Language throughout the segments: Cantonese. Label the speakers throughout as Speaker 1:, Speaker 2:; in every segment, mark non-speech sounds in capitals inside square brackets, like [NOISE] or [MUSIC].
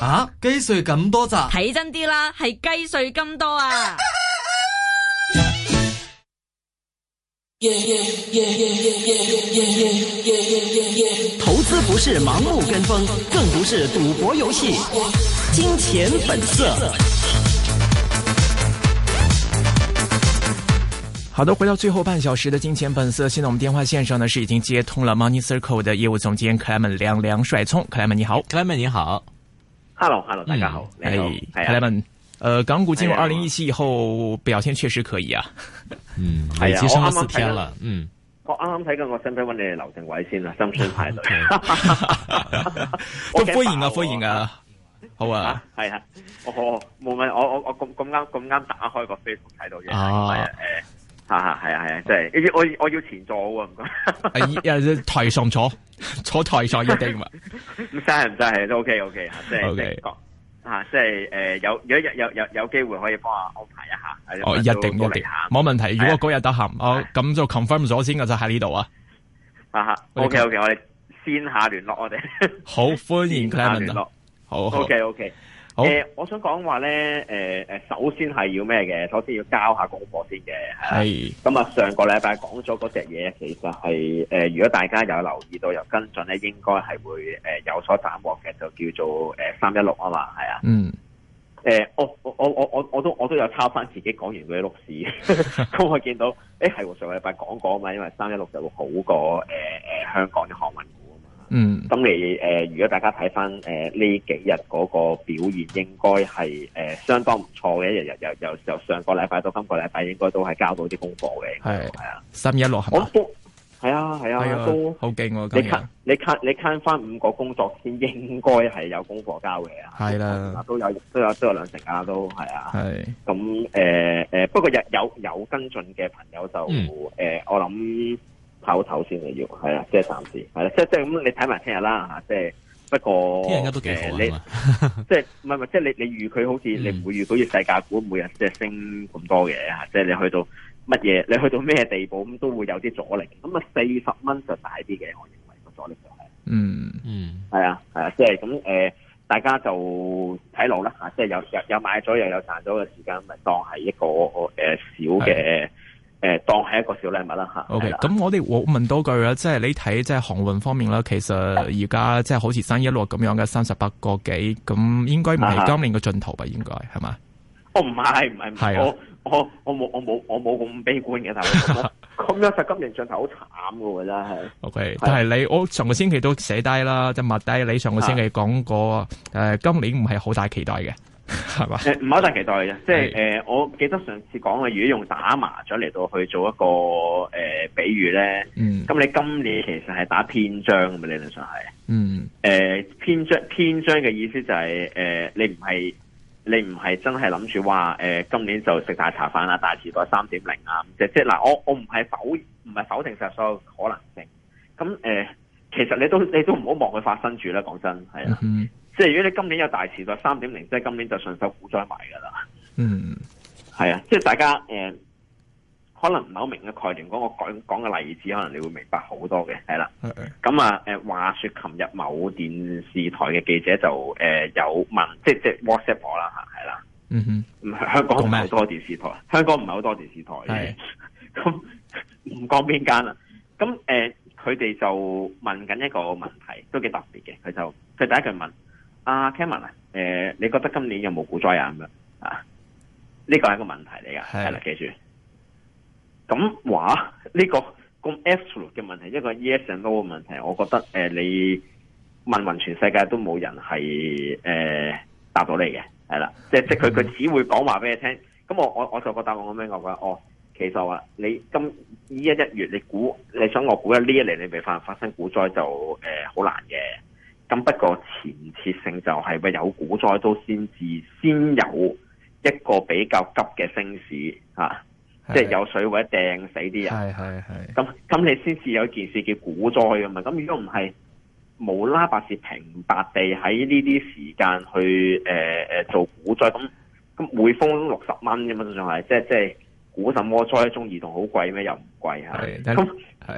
Speaker 1: 啊，雞碎咁多咋？睇真啲啦，係雞碎咁多啊！投資不是盲目跟風，更不是賭博遊戲，金錢本色。好的，回到最後半小時的金錢本色，現在我們電話線上呢是已經接通了 Money Circle 的業務總監 Clement 梁梁帥聰，Clement 你好，Clement 你好。hello hello 大家好，你好，Hello 們，呃，港股進入二零一七以後表現確實可以啊，嗯，已經升咗四天啦，嗯，
Speaker 2: 我啱啱睇緊，我想唔想揾你劉定偉先啊，心水排隊，歡迎啊歡迎啊，好啊，係啊，哦，冇問，我我我咁咁啱咁啱打開個 Facebook 睇到
Speaker 1: 嘢，啊，誒。啊哈，
Speaker 2: 係啊，係啊，即係，我我
Speaker 1: 要前座喎，啊，台上坐，坐台上一定嘛，
Speaker 2: 唔得唔得，係都 OK OK，即係，啊，即係，誒，有如果有有有機會可以幫我安排一下，我一定一定，冇
Speaker 1: 問題。如果嗰日得閒，我咁就 confirm 咗先，我就喺呢度啊。啊哈，OK OK，
Speaker 2: 我哋先下聯絡我哋，
Speaker 1: 好歡迎 Clarence 好 OK OK。誒、oh.
Speaker 2: 呃，我想講話咧，誒、呃、誒，首先係要咩嘅？首先要交下功課先嘅。係的。咁啊，上個禮拜講咗嗰隻嘢，其實係誒，如果大家有留意到有跟進咧，應該係會誒有所斬獲嘅，就叫做誒三一六啊嘛，係啊。嗯。誒、嗯，我我我我我我都我都有抄翻自己講完嗰啲錄事，咁 [LAUGHS] [LAUGHS] 我見到誒係、欸、上個禮拜講過啊嘛，因為三一六就會好過誒、呃、香港啲航運。嗯，咁你誒、呃，如果大家睇翻誒呢幾日嗰個表現，應該係誒、呃、相當唔錯嘅。一日日又又由上個禮拜到今個禮拜，應該都係交到啲功課嘅。係
Speaker 1: 係是啊，三一六係咪？我都
Speaker 2: 係啊係啊，啊啊都好勁、嗯。你 count 你 count 你 count 翻五個工作先應該係有功課交嘅。係啦、啊啊，都有都有都有兩成啊，都係啊。係咁誒誒，不過有有有跟進嘅朋友就誒、嗯呃，我諗。手先嘅要，係即係暫時，係啦、啊，即係即係咁，你睇埋聽日啦吓，即係、啊。不過聽日都幾好、啊呃嗯、即係唔係咪？即係、就是、你你預佢好似你每預好似世界股每日即係升咁多嘅吓、啊，即係你去到乜嘢，你去到咩地步咁，都會有啲阻力。咁啊四十蚊就大啲嘅，我認為個阻力就係、是嗯。嗯嗯，係啊係啊，即係咁誒，大家就睇路啦吓，即係有有買咗又有賺咗嘅時間，咪當係一個誒、呃、小嘅。誒，當係一個小
Speaker 1: 禮物啦吓。O K，咁我哋我問多句啦，即係你睇即係航運方面啦，其實而家即係好似新一路咁樣嘅三十八個幾，咁應該唔係今年嘅盡頭吧？應該係咪？哦，
Speaker 2: 我唔係唔係，我我我冇我冇我冇咁悲觀嘅，但係咁樣就今年
Speaker 1: 盡頭好慘噶喎，真係。O K，但係你我上個星期都寫低啦，即係抹低你上個星期講過，誒，今年唔係好大期待嘅。係
Speaker 2: 嘛？誒，唔係好大期待嘅。即係誒、呃，我記得上次講嘅，如果用打麻雀嚟到去做一個誒、呃、比喻咧，咁、嗯、你今年其實係打偏張嘅嘛？理論上係。嗯。誒、呃，偏張偏張嘅意思就係、是、誒、呃，你唔係你唔係真係諗住話誒，今年就食大茶飯啦，大時代三點零啊。即即嗱，我我唔係否唔係否定，晒所有可能性。咁、嗯、誒、呃，其實你都你都唔好望佢發生住啦。講真的，係啊。嗯即係如果你今年有大時代三點零，0, 即係今年就順手股再買噶啦。嗯、
Speaker 3: mm，係、hmm. 啊，
Speaker 2: 即係大家誒、呃，可能唔係好明嘅概念。講我講講嘅例子，可能你會明白好多嘅。係啦，咁啊，誒 Okay.、啊，話說，琴日某電視台嘅記者就誒、呃、有問，即係即係 WhatsApp 我啦，係啦、啊。嗯哼、mm，hmm. 香港唔係好多電視台，mm hmm. 香港唔係好多電視台嘅。咁唔講邊間啦。咁、hmm. 誒，佢哋、呃、就問緊一個問題，都幾特別嘅。佢就佢第一句問。啊，Kevin 啊，誒、呃，你覺得今年有冇股災啊？咁樣啊？呢個係一個問題嚟噶，係啦的，記住。咁話呢個咁 absolute 嘅問題，一個 yes and no 嘅問題，我覺得誒、呃，你問問全世界都冇人係誒、呃、答到你嘅，係啦，即係的即佢佢只會講話俾你聽。咁我我我就答樣我覺答案講咩我講，哦，其實話你今呢一月你估，你想我估一呢一年你未發發生股災就誒好、呃、難嘅。咁不過前設性就係咪有股災都先至先有一個比較急嘅升市是、啊、即係有水位掟死啲人，咁咁你先至有件事叫股災吖嘛？咁如果唔係冇啦，百事平白地喺呢啲時間去誒、呃、做股災，咁咁匯豐六十蚊咁啊，仲係即係即係股什麼災中移動好貴咩？又唔貴呀？咁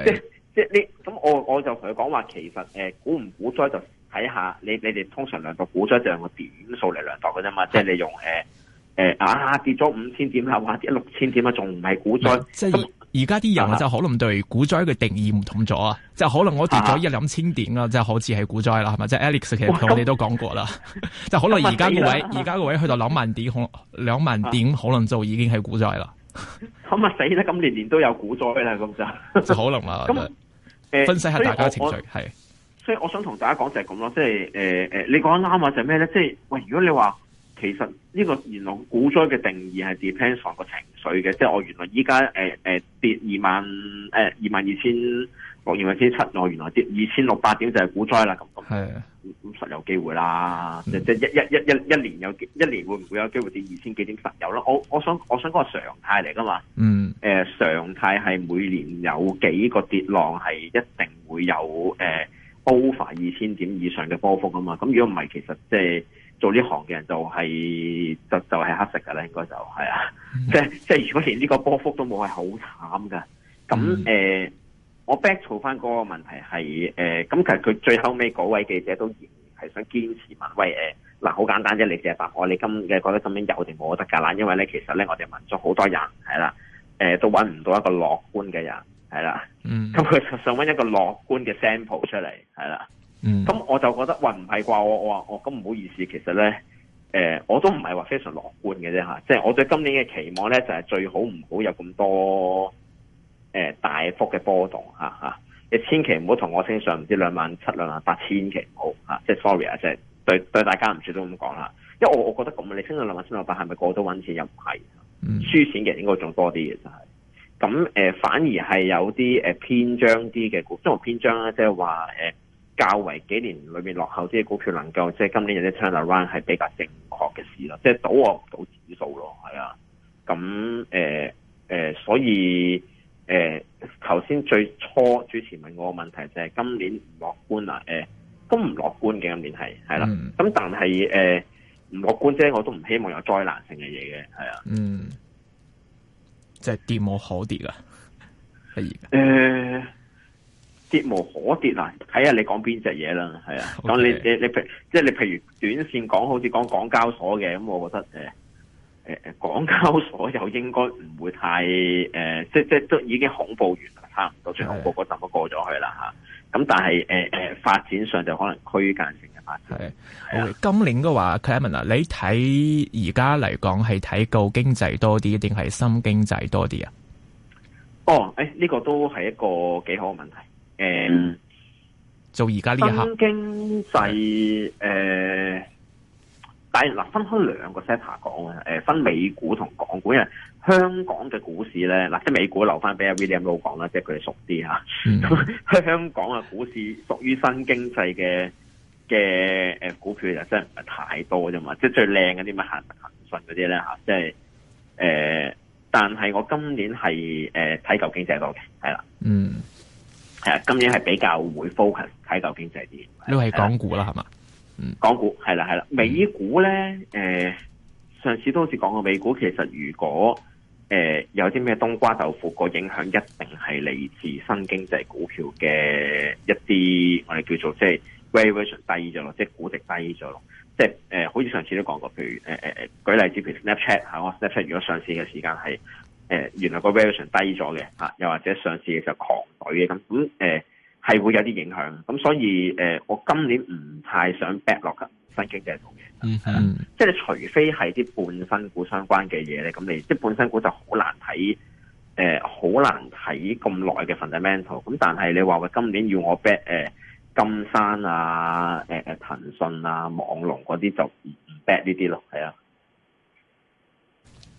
Speaker 2: 即即係呢？咁我我就同佢講話，其實誒股唔股災就～睇下你你哋通常量度股災就用個點數嚟量度嘅啫嘛，即、就、係、是、你用誒誒啊跌咗五千點啊，或者六千點啊，仲唔係股災？嗯嗯、即係
Speaker 1: 而家啲人就可能對股災嘅定義唔同咗啊！即係可能我跌咗一兩千點啊，就好似係股災啦，係咪？即係、啊、Alex 其實同我哋都講過啦，即係、嗯、 [LAUGHS] 可能而家個位而家個位去到兩萬點，可兩萬點可能就已經係股災啦。
Speaker 2: 咁啊死啦！咁年年都有股災啦，咁
Speaker 1: 就可能啦咁、嗯、分析下大家嘅情緒係。嗯呃
Speaker 2: 所以我想同大家講就係咁咯，即係誒、呃、你講得啱啊！就係咩咧？即係喂，如果你話其實呢個原來股災嘅定義係 depends on 個情緒嘅，即係我原來依家誒跌二萬誒二、呃、萬二千六千六千七，6, 7, 我原來跌二千六百點就係股災啦咁
Speaker 1: 咁，咁
Speaker 2: 實的有機會啦！即即、嗯、一一一一一年有，一年會唔會有機會跌二千幾點實有咯？我我想我想講個常態嚟噶嘛，誒、嗯呃、常態係每年有幾個跌浪係一定會有誒。呃 over 二千點以上嘅波幅啊嘛，咁如果唔係，其實即係做呢行嘅人就係、是、就就係、是、黑色㗎喇，應該就係、是、啊， [LAUGHS] 即係即係如果連呢個波幅都冇，係好慘噶。咁誒、 [LAUGHS] 呃，我 back to 翻嗰個問題係誒，咁其實佢最後尾嗰位記者都仍然係想堅持問，喂誒嗱，好、呃呃、簡單啫，你直接答我，你今嘅覺得咁樣有定冇得噶啦？因為咧，其實咧，我哋問咗好多人係啦，誒、呃、都揾唔到一個樂觀嘅人。係啦，咁佢、嗯、就想搵一個樂觀嘅 sample 出嚟，係啦，咁、嗯、我就覺得，喂，唔係啩？我我我咁唔好意思，其實咧，誒、呃，我都唔係話非常樂觀嘅啫吓，即、啊、係、就是、我對今年嘅期望咧就係、是、最好唔好有咁多誒、呃、大幅嘅波動吓吓、啊，你千祈唔好同我升上唔知兩萬七兩萬八，千祈唔好吓，即係 sorry 啊，即、就、係、是、對對大家唔少都咁講啦，因為我我覺得咁你升上兩萬七兩萬八係咪個個都搵錢？又唔係，輸錢嘅人應該仲多啲嘅，就係、是。咁誒、呃，反而係有啲誒偏張啲嘅股，邊個偏張咧？即係話誒，較為幾年裏面落後啲嘅股票，能夠即係、就是、今年有啲 turnaround 係比較正確嘅事咯，即、就、係、是、賭我賭指數咯，係啊。咁誒誒，所以誒，頭、呃、先最初主持問我個問題就係今年唔樂觀啊，誒都唔樂觀嘅今年係，係啦。咁但係誒唔樂觀啫，我都唔希望有災難性嘅嘢嘅，係啊。嗯。
Speaker 1: 即係跌冇可跌啦、啊，誒、
Speaker 2: 呃，跌無可跌啊！睇下你講邊隻嘢啦，係啊，Okay. 你你你譬即係你譬如短綫講，好似講港交所嘅，咁、嗯、我覺得誒誒誒，港交所又應該唔會太誒、呃，即即都已經恐怖完啦，差唔多最恐怖嗰陣都過咗去啦吓，咁的但係誒誒，發展上就可能區間性。
Speaker 1: 係，今年嘅話 c l a m e n 啊，erman，你睇而家嚟講係睇舊經濟多啲，定係新經濟多啲啊？哦，
Speaker 2: 誒，呢、這個都係一個幾好嘅問題。誒、嗯，
Speaker 1: 做而家呢一刻，新
Speaker 3: 經
Speaker 2: 濟誒、嗯、呃，但係嗱，分開兩個 set 下講啊。誒，分美股同港股因為香港嘅股市咧，嗱，即係美股留翻俾阿 William 都好講啦，即係佢哋熟啲吓。嗯、 [LAUGHS] 香港嘅股市屬於新經濟嘅嘅誒股票就真係唔係太多啫嘛，即係最靚嗰啲咪行騰訊嗰啲咧嚇，即係誒。但係我今年係誒睇舊經濟多嘅，係啦，嗯，係啊，今年係比較會 focus 睇舊經濟啲。呢
Speaker 1: 個係港股啦，係嘛？嗯，
Speaker 2: 港股係啦係啦，美股咧誒、呃，上次都好似講過美股，其實如果誒、呃、有啲咩冬瓜豆腐個影響，一定係嚟自新經濟股票嘅一啲我哋叫做即係。valuation 低咗咯，即係估值低咗咯，即係誒、呃，好似上次都講過，譬如誒誒誒，舉例子譬如 Snapchat 吓、啊，Snapchat 如果上市嘅時間係誒，原來個 valuation 低咗嘅吓，又或者上市嘅時候狂隊嘅咁，咁誒係會有啲影響，咁所以誒、呃、我今年唔太想 back 落嘅新經濟嘅嘢，嗯、mm，hmm。即係除非係啲半新股相關嘅嘢咧，咁你即係半新股就好難睇，誒、呃、好難睇咁耐嘅 fundamental，咁但係你話我、呃、今年要我 back 誒、呃？金山啊，呃、騰訊啊，網龍嗰啲就唔 bad 呢啲咯，
Speaker 4: 係啊。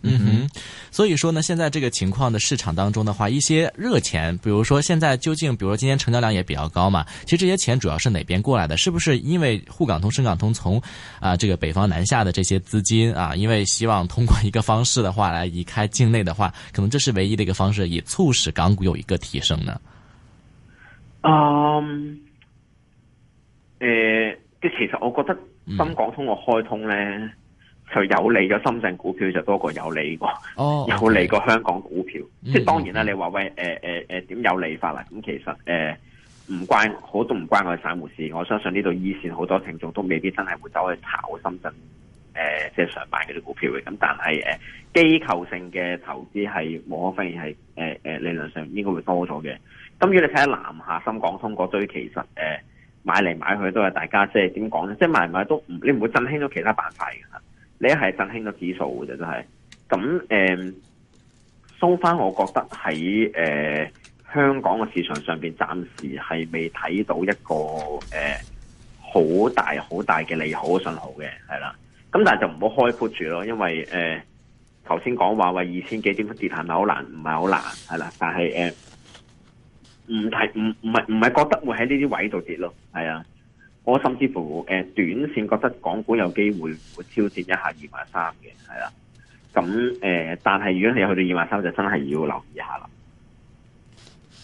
Speaker 4: 嗯哼，所以說呢，現在這個情況的市場當中的話，一些熱錢，比如說現在究竟，比如說今天成交量也比較高嘛，其實這些錢主要是哪邊過來的？是不是因為滬港通、深港通從啊、呃，這個北方南下的這些資金啊，因為希望通過一個方式的話，來移開境內的話，可能這是唯一的一個方式，以促使港股有一個提升呢？嗯。
Speaker 2: Um 誒，即係、呃、其實我覺得深港通嘅開通咧，嗯、就有利咗深圳股票就多過有利過，
Speaker 3: 哦、 [LAUGHS] 有利
Speaker 2: 過香港股票。即係、嗯、當然啦，你話喂，誒誒誒，點、呃呃呃、有利法啊？咁其實誒，唔、呃、關好都唔關我哋散戶事。我相信呢度二線好多聽眾都未必真係會走去炒深圳誒、呃，即係上板嗰啲股票嘅。咁但係誒，機、呃、構性嘅投資係冇可否認係誒誒，理、呃、論、呃、上應該會多咗嘅。咁如果你睇下南下深港通嗰堆，其實誒。呃買嚟買去都係大家即係點講咧，即係買嚟買去都唔你唔會振興咗其他板塊啦，你係振興咗指數嘅啫，真、就、係、是。咁誒，收、嗯、翻，我覺得喺誒、呃、香港嘅市場上面，暫時係未睇到一個誒好、呃、大好大嘅利好嘅信號嘅，係啦。咁但係就唔好開闊住咯，因為誒頭先講話話二千幾點跌彈係好難，唔係好難係啦。但係誒。呃唔係唔唔係唔係覺得會喺呢啲位度跌咯，係啊，我甚至乎誒、呃、短線覺得港股有機會會超跌一下二萬三嘅，係啦、啊，咁誒、呃，但係如果你去到二萬三就真係要留意下啦、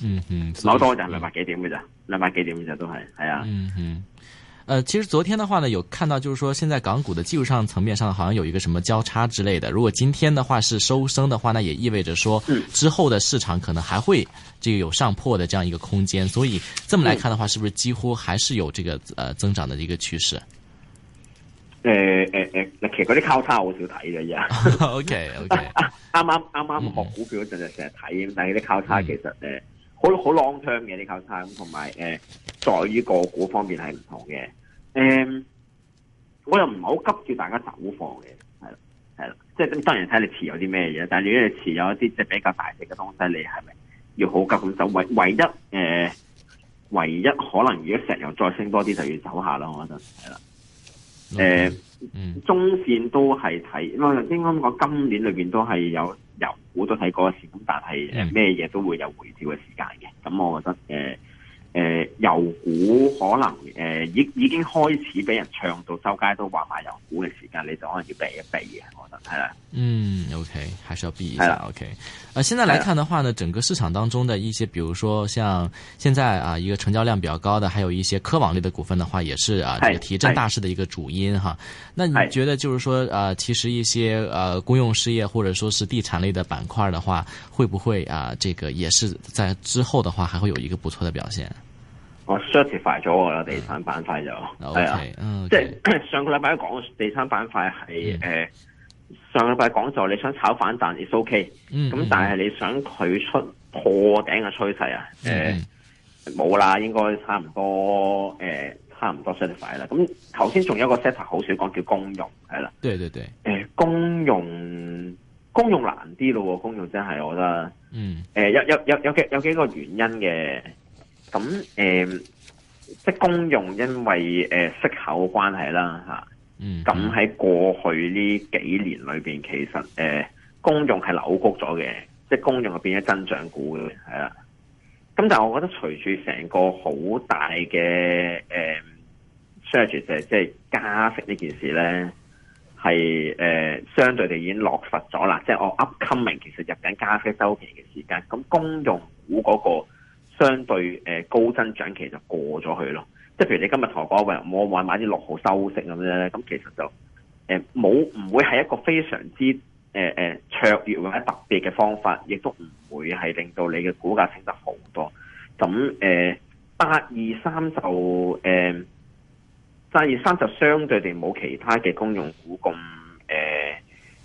Speaker 2: 嗯。嗯嗯，攞多就係兩百幾點嘅咋？兩百幾點嘅咋？都係，係啊。嗯嗯。嗯
Speaker 4: 呃，其實昨天的話呢，有看到，就是說，現在港股的技術上層面上，好像有一個什麼交叉之類的。如果今天的話是收升的話，那也意味着說，之後的市場可能還會，這個有上破的這樣一個空間。嗯、所以這麼來看的話，是不是幾乎還是有這個，呃，增長的一個趨勢？
Speaker 3: 呃
Speaker 2: 呃呃其實嗰啲交叉我少睇嘅，而家。O K O K，啱啱啱啱學股票嗰陣就成日睇，嗯、但係啲交叉其實誒、嗯呃，好好 long term 嘅啲交叉，同埋誒，在於個股方面係唔同嘅。誒、嗯，我又唔係好急住大家走貨嘅，係啦，係啦，即係當然睇你持有啲咩嘢，但係如果你持有一啲即係比較大隻嘅東西，你係咪要好急咁走？唯唯一誒、呃，唯一可能如果石油再升多啲，就要走下啦。我覺得係啦，誒，嗯嗯、中線都係睇，因為啱啱講今年裏邊都係有有股都睇嗰個咁，但係咩嘢都會有回調嘅時間嘅，咁我覺得誒。呃誒，油、呃、股可能誒已、呃、已經開始俾人唱到周街都話埋油股嘅時間，你就
Speaker 4: 可能要避一避。嘅，我覺得係啦。嗯，OK，還是要避一下的，OK。啊、呃，現在來看的話呢，整個市場當中的一些，比如說像現在啊、呃、一個成交量比較高的，還有一些科網類的股份的話，也是啊，這、呃、的個提振大市的一個主因哈的、啊。那你覺得就是說，啊、呃，其實一些啊、呃、公用事業或者說是地產類的板塊的話，會不會啊、呃，這個也是在之後的話，還會有一個不錯的表現？
Speaker 2: 我 certify 咗㗎啦，地產板塊就，係啊，即係上個禮拜講地產板塊係 Yeah.、呃、上個禮拜講就你想炒反彈 it's OK，咁、mm hmm. 但係你想佢出破頂嘅趨勢啊，冇、呃、啦、mm hmm.，應該差唔多、呃、差唔多 certify 啦。咁頭先仲有一個 set up 好少講，叫公用，係啦。
Speaker 4: 對對對、
Speaker 2: 呃、公用公用難啲咯，公用真係我覺得，mm hmm. 呃、有有有有有幾個原因嘅。咁誒、呃，即公用因為誒、呃、息口關係啦吓，咁、啊、喺、嗯嗯、過去呢幾年裏邊，其實誒、呃、公用係扭曲咗嘅，即公用係變咗增長股嘅，係啦。咁但係我覺得隨住成個好大嘅誒 search 即係即係加息呢件事咧，係誒、呃、相對地已經落實咗啦。即係我 upcoming 其實入緊加息週期嘅時間，咁公用股嗰、那個。相對誒高增長期就過咗去咯，即係譬如你今日同我講，喂，我話買啲六號收息咁樣呢，咁其實就誒冇，唔、呃、會係一個非常之誒誒、呃、卓越或者特別嘅方法，亦都唔會係令到你嘅股價升得好多。咁誒八二三就誒，八二三就相對地冇其他嘅公用股咁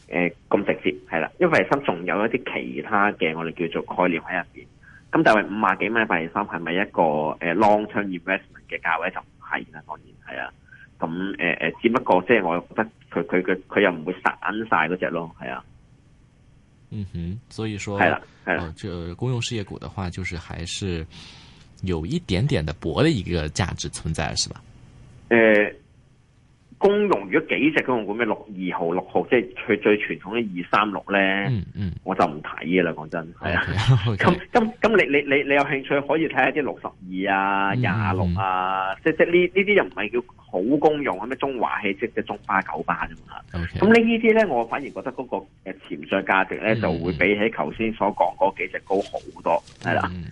Speaker 2: 誒誒咁直接，係啦，因為心仲有一啲其他嘅我哋叫做概念喺入邊。咁但係五啊幾蚊百二三係咪一個誒 long term investment 嘅價位就唔係啦，當然係啊。咁誒誒，只不過即係我覺得佢佢佢佢又唔會散晒嗰隻咯，係啊。
Speaker 4: 嗯哼，所以講係啦，係啦，就、嗯哦、公用事業股嘅話，就是還是有一點點嘅薄嘅一個價值存在，是吧？
Speaker 2: 誒。呃公用，如果幾隻公用股咩，六二號六號，即係最最傳統嘅二三六咧，嗯、我就唔睇嘅啦。講真
Speaker 3: 係啊，咁
Speaker 2: 咁咁，你你你你有興趣可以睇下啲六十二啊、廿六啊，嗯嗯、即即呢呢啲又唔係叫好公用啊咩？中華氣息即中巴、九巴啫嘛。咁呢呢啲咧，我反而覺得嗰個誒潛在價值咧就會比起頭先
Speaker 4: 所講嗰幾隻高好多，係啦、嗯。嗯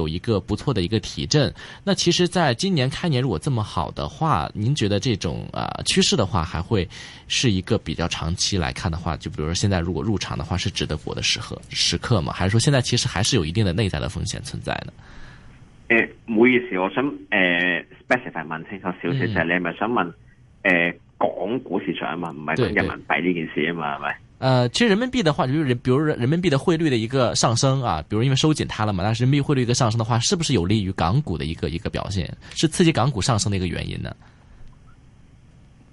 Speaker 4: 有一個不錯的一個提振。那其實，在今年開年如果這麼好的話，您覺得這種啊、呃、趨勢的話，還會是一個比較長期來看的話？就比如說現在如果入場的話，是值得博的時刻時刻嗎？還是說現在其實還是有一定的內在的風險存在呢？誒、呃，
Speaker 2: 唔好意思，我想誒、呃、specify 問清楚少少、嗯、就係你係咪想問誒、呃，港股市場啊嘛，唔係講人民幣呢對件事啊嘛，係咪。
Speaker 4: 呃，其實人民幣的話，就比如人民幣的匯率的一個上升啊，比如因為收緊它了嘛，但是人民幣匯率一個上升的話，是不是有利於港股的一個一個表現，是刺激港股上升的一個原因呢？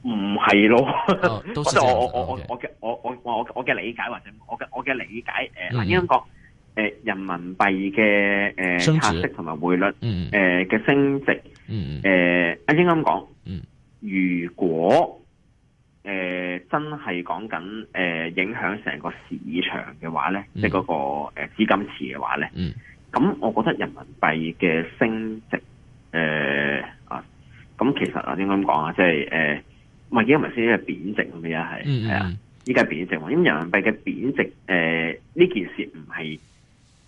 Speaker 2: 唔係咯，哦、都係我我、哦 okay、我我嘅我我我我嘅理解或者我嘅我嘅理解，誒，阿、呃嗯、英講，誒、呃，人民幣嘅誒，升值同埋匯率，嗯，誒嘅升值，嗯嗯，誒，阿英咁講，嗯，如果。真係講緊誒影響成個市場嘅話咧，嗯、即係嗰個誒資金池嘅話咧，咁、嗯、我覺得人民幣嘅升值誒、呃、啊，咁、啊、其實啊應該咁講啊，即係誒唔係依家唔先係貶值咁嘅嘢係係啊，依家係貶值喎，因為人民幣嘅貶值誒呢、呃、件事唔係。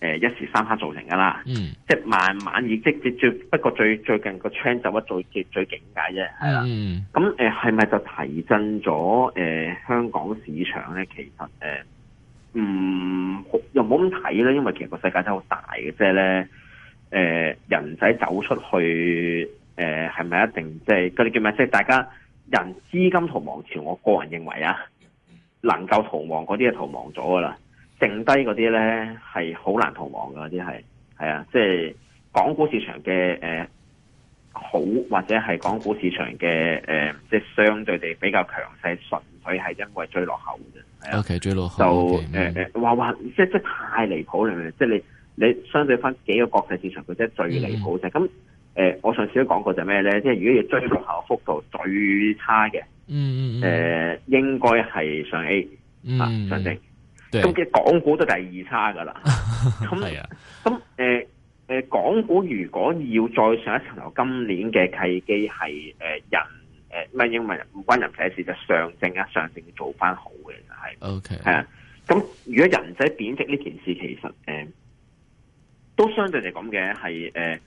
Speaker 2: 誒，一時三刻造成噶啦，即係慢慢即接積，不過最最近個趨勢走最最最勁噶啫，係啦的。咁誒，係咪就提振咗誒香港市場咧？其實誒，嗯，又冇咁睇咧，因為其實個世界真係好大嘅，即係咧，誒，人仔走出去，誒，係咪一定即係嗰啲叫咩？即係大家人資金逃亡潮，我個人認為啊，能夠逃亡嗰啲啊逃亡咗噶啦。剩低嗰啲呢，係好難逃亡㗎。嗰啲係係啊，即係港股市場嘅、呃、好，或者係港股市場嘅、呃、即係相對地比較強勢，純粹係因為追落後
Speaker 4: 嘅。O、okay, K，追落後就誒誒
Speaker 2: 話話，即係即係太離譜，你明唔明？即係你你相對返幾個國際市場，佢真係最離譜嘅。咁誒、嗯呃，我上次都講過就係咩呢？即係如果要追落後嘅幅度最差嘅、嗯，嗯、呃、應該係上
Speaker 3: A，嗯、啊、上證。
Speaker 2: 咁嘅對港股都第二差噶啦，
Speaker 3: 咁咁、 [LAUGHS] 啊呃、
Speaker 2: 港股如果要再上一層樓，今年嘅契機係、呃、人誒乜、呃、英文唔關人仔事，就是、上證啊上證要做翻好嘅就係 OK 係啊，咁如果人仔貶值呢件事其實、呃、都相對嚟講嘅係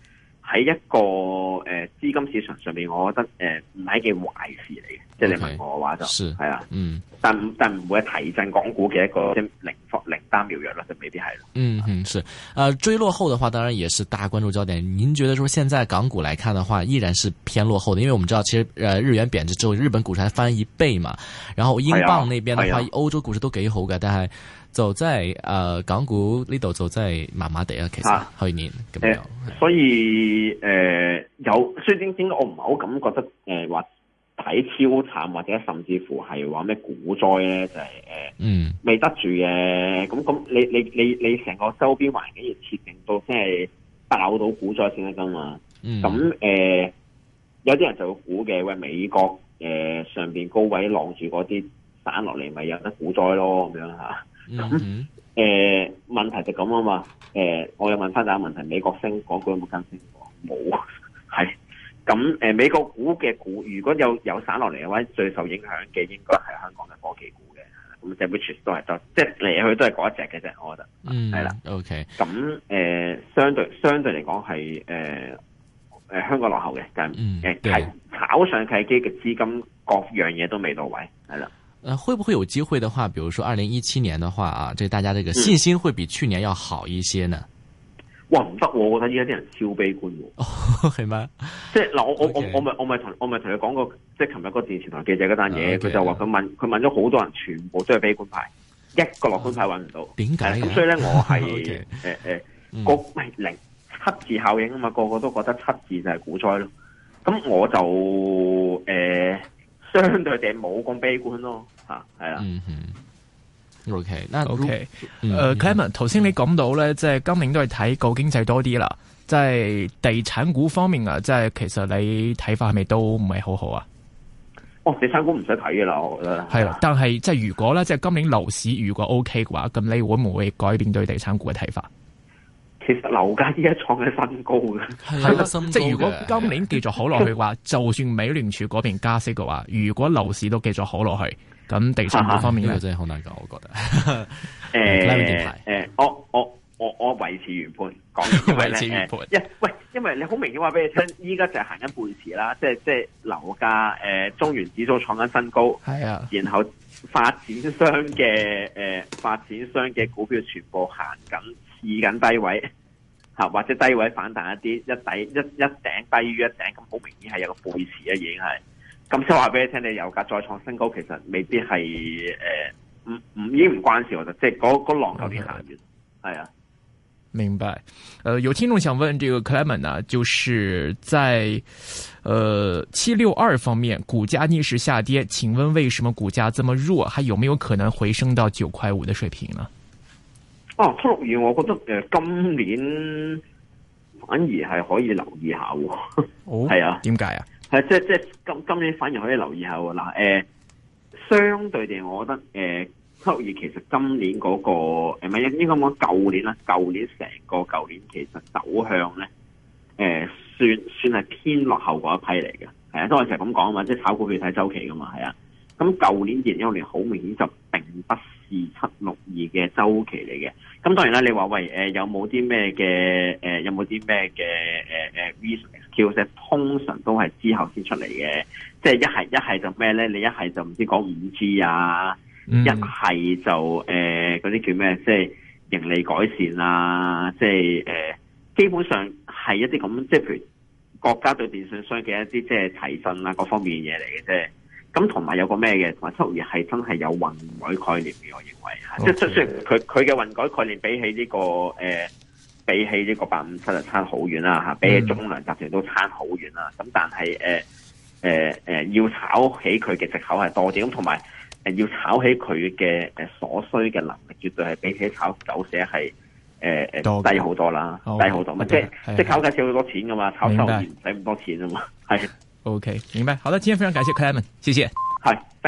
Speaker 2: 喺一個誒資金市場上面，我覺得誒唔係一件壞事嚟嘅。即係你問我嘅話就係、是、啊，是嗯，但但唔會係提振港股嘅一個靈靈丹妙藥就未必係。嗯嗯，
Speaker 4: 是。誒、呃、追落後嘅話，當然也是大家關注焦點。您覺得說，現在港股來看嘅話，依然是偏落後嘅，因為我們知道，其實誒日元貶值之後，日本股市係翻一倍嘛。然後英鎊那邊嘅話，歐、啊啊、洲股市都幾好嘅，但係。就真係誒、呃，港股呢度就真係麻麻地啊！其實去年誒、啊樣呃，
Speaker 2: 所以誒、呃、有雖然點講，我唔係好感覺得誒，話、呃、睇超慘，或者甚至乎係話咩股災咧，就係、是、誒、呃嗯、未得住嘅。咁咁，你你你你成個周邊環境要設定到即係爆到股災先得㗎嘛？咁誒、嗯呃、有啲人就會估嘅，喂美國誒、呃、上邊高位晾住嗰啲散落嚟，咪有得股災咯咁樣嚇。咁誒，嗯嗯嗯嗯問題就咁啊嘛。誒，我又問翻大家問題，美國升港股有冇跟升過？冇。係。 [LAUGHS] 咁誒，美國股嘅股，如果有有散落嚟嘅話，最受影響嘅應該係香港嘅科技股嘅。咁，即係 mutual 都係得，即係嚟去都係嗰一隻嘅啫。我覺得。
Speaker 3: 嗯。係啦的。
Speaker 2: OK。咁誒，相對相對嚟講係誒誒，香港落後嘅，就係、是、誒，係、嗯、炒上契機嘅資金，各樣嘢都未到位。係啦。
Speaker 4: 誒，會唔會有機會嘅話，比如說二零一七年嘅話啊，即係大家這個信心會比去年要好一些呢？
Speaker 2: 唔得、嗯，我覺得依家啲人超悲觀嘅，係咩 [LAUGHS] 嗎？即係嗱，我我 Okay. 我我咪我咪同我咪同你講過，即係琴日個電視台記者嗰單嘢，佢 Okay. 就話佢問佢問咗好多人，全部都係悲觀派，一個樂觀派揾唔到。
Speaker 3: 點解？咁、嗯嗯、所以咧，我係誒誒
Speaker 2: 個係零七字效應啊嘛，個個都覺得七字就係股災咯。咁我就誒、呃、相對地冇咁悲觀咯。
Speaker 1: 啊，係啦，嗯哼，O K，那 O K，誒 Clement 頭先你講到咧，即係今年都係睇個經濟多啲啦，即係地產股方面啊，即係其實你睇法係咪都唔係好好啊？
Speaker 2: 哦，地產股唔使睇噶啦，我覺得係啦。
Speaker 1: 但係即係如果咧，即係今年樓市如果 O K 嘅話，咁你會唔會改變對地產股嘅睇法？
Speaker 2: 其實樓價依家創喺新高嘅的，係啦， [LAUGHS] 新高即係如果
Speaker 1: 今年繼續好落去嘅話， [LAUGHS] 就算美聯儲嗰邊加息嘅話，如果樓市都繼續好落去。咁地產方面呢個真係好難
Speaker 4: 講，啊啊啊啊、我覺得。
Speaker 1: 誒誒、
Speaker 2: 啊嗯啊、我我我我維持原判，講維持原判。 [LAUGHS] 完因喂，因為你好明顯話俾你聽，依家就係行緊背馳啦，即係即係樓價誒，中原指數創緊新高，係啊，然後發展商嘅誒、呃、發展商嘅股票全部行緊試緊低位，吓或者低位反彈一啲，一底一一頂低於一頂，咁好明顯係有一個背馳啊，已經係。咁先話俾你聽，你油價再創新高，其實未必係誒，唔、呃、唔已經唔關事，我覺得即係個嗰浪究竟行完，係
Speaker 1: 啊，明白。誒、呃，有聽眾想問，這個 c l m 克萊門呢，就是在，誒七六二方面股價逆勢下跌，請問為什麼股價這麼弱？還有沒有可能回升到九塊五的水平呢？
Speaker 2: 哦，科陸園，我覺得誒，今年反而係可以留意下，好
Speaker 1: 係啊，點解啊？
Speaker 2: 係，即係即係今今年反而可以留意下喎。嗱、呃，誒相對地，我覺得誒、呃、七六二其實今年嗰、那個誒唔係應該講舊年啦，舊年成個舊年其實走向咧誒、呃、算算係偏落後嗰一批嚟嘅。係啊，都係成日咁講啊，即係炒股票睇週期噶嘛，係啊。咁舊年二零一年好明顯就並不是七六二嘅週期嚟嘅。咁當然啦，你話喂誒、呃、有冇啲咩嘅誒有冇啲咩嘅誒誒？呃有沒有通常都係之後先出嚟嘅，即係一係一係就咩咧？你一係就唔知講五 G 啊，一係、嗯、就誒嗰啲叫咩？即係盈利改善啊，即係、呃、基本上係一啲咁即係譬如國家對電信商嘅一啲即係提升啊各方面嘅嘢嚟嘅啫。咁同埋有個咩嘅？同埋七月係真係有混改概念嘅，我認
Speaker 3: 為 Okay. 即係雖然
Speaker 2: 佢佢嘅混改概念比起呢、呢個誒。呃比起呢個八五七就差好遠啦吓，比起中糧集團都差好遠啦。咁但係誒誒誒，要炒起佢嘅藉口係多啲，咁同埋誒要炒起佢嘅誒所需嘅能力，絕對係比起炒狗舍係誒誒低好多啦，哦、低好多。Okay, 即係即係炒狗舍要多錢噶嘛，okay, 炒收唔使咁多錢啊嘛。係 okay, [LAUGHS] 是，OK，明白。好啦，今日非常感
Speaker 1: 謝 Clement 謝謝，
Speaker 2: 係。